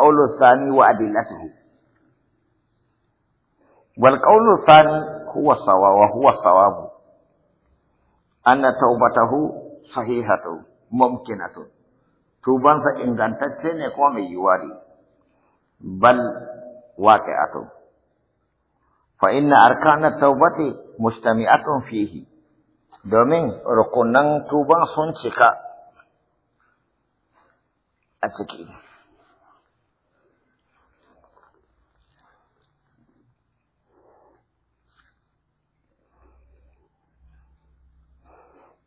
القول الثاني وأدلته والقول الثاني هو الصواب وهو الصواب أن توبته صحيحة ممكنة توبا فإن كانت تسيني قومي يواري بل واقعة فإن أركان التوبة مجتمعة فيه دومين ركنان توبان سنشكا أتكي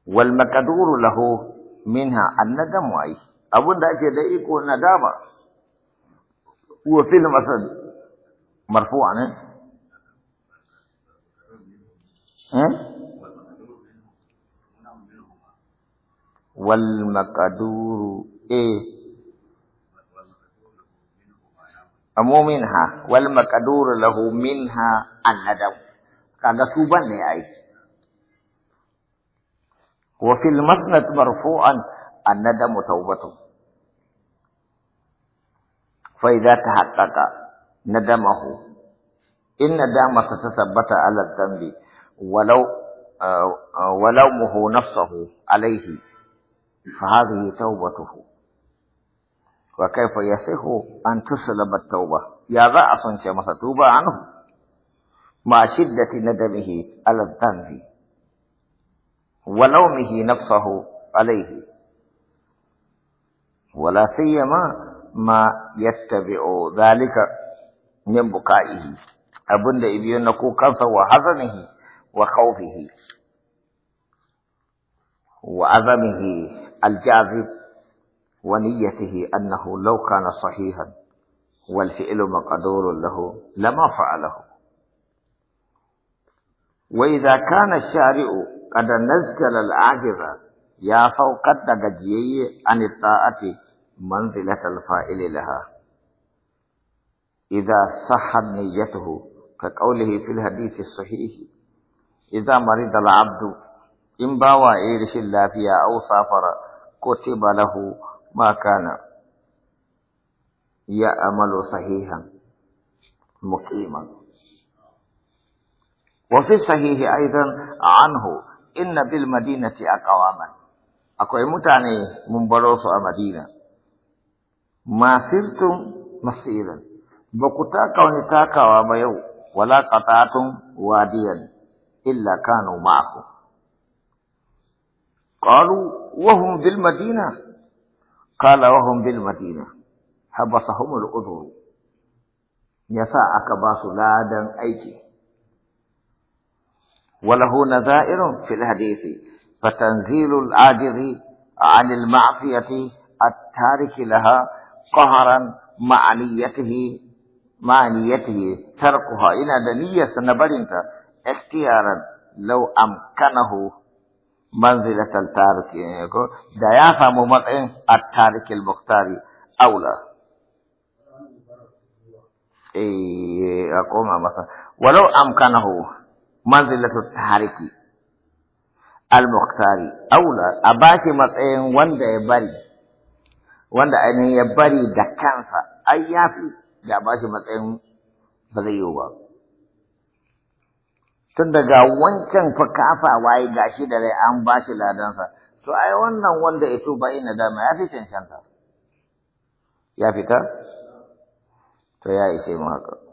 والمقدور له منها الندم واي ابو ده كده يكون ندامه هو في المسند مرفوع ها والمقدور ايه امو منها والمقدور له منها الندم كان سوبا نهائي وفي المسند مرفوعا الندم توبته فإذا تحقق ندمه إن دام تثبت على الذنب ولو آه، ولومه نفسه عليه فهذه توبته وكيف يصح أن تسلب التوبة يا ضعف كما توبة عنه مع شدة ندمه على الذنب ولومه نفسه عليه ولا سيما ما يتبع ذلك من بكائه أبن لإبيون نكوكا وحزنه وخوفه وعظمه الجاذب ونيته أنه لو كان صحيحا والفعل مقدور له لما فعله وإذا كان الشارع قد نزل العاجز يا فوق دجيي عن الطاعة منزلة الفائل لها إذا صح نيته كقوله في الحديث الصحيح إذا مرض العبد إن باوى إيرش الله فيها أو سافر كتب له ما كان يأمل صحيحا مقيما وفي الصحيح أيضا عنه inna bil madinati aqawaman akwai mutane mun baro su a madina ma sirtum masiran ba ku taka wani takawa ba yau wala qatatun wadiyan illa kanu maku. qalu wa hum bil madina qala wa hum bil madina habasahum al udhur yasa aka ba su ladan aiki وله نذائر في الحديث فتنزيل العاجز عن المعصية التارك لها قهرا معنيته معنيته تركها إن دنيا سنبرنت اختيارا لو أمكنه منزلة التارك ديافة ممتع التارك المختار أولى إيه أقوم مثلا ولو أمكنه manzilla ta tahariki al-mukhtari aula a ba matsayin wanda ya bari wanda ya bari da kansa ai ya fi da ba matsayin ba zai yi ba tun daga wancan fa kafa waye gashi da rai an ba shi ladansa to ai wannan wanda ya tuba ina dama ya fi cancanta ya fita to ya ishe mu haka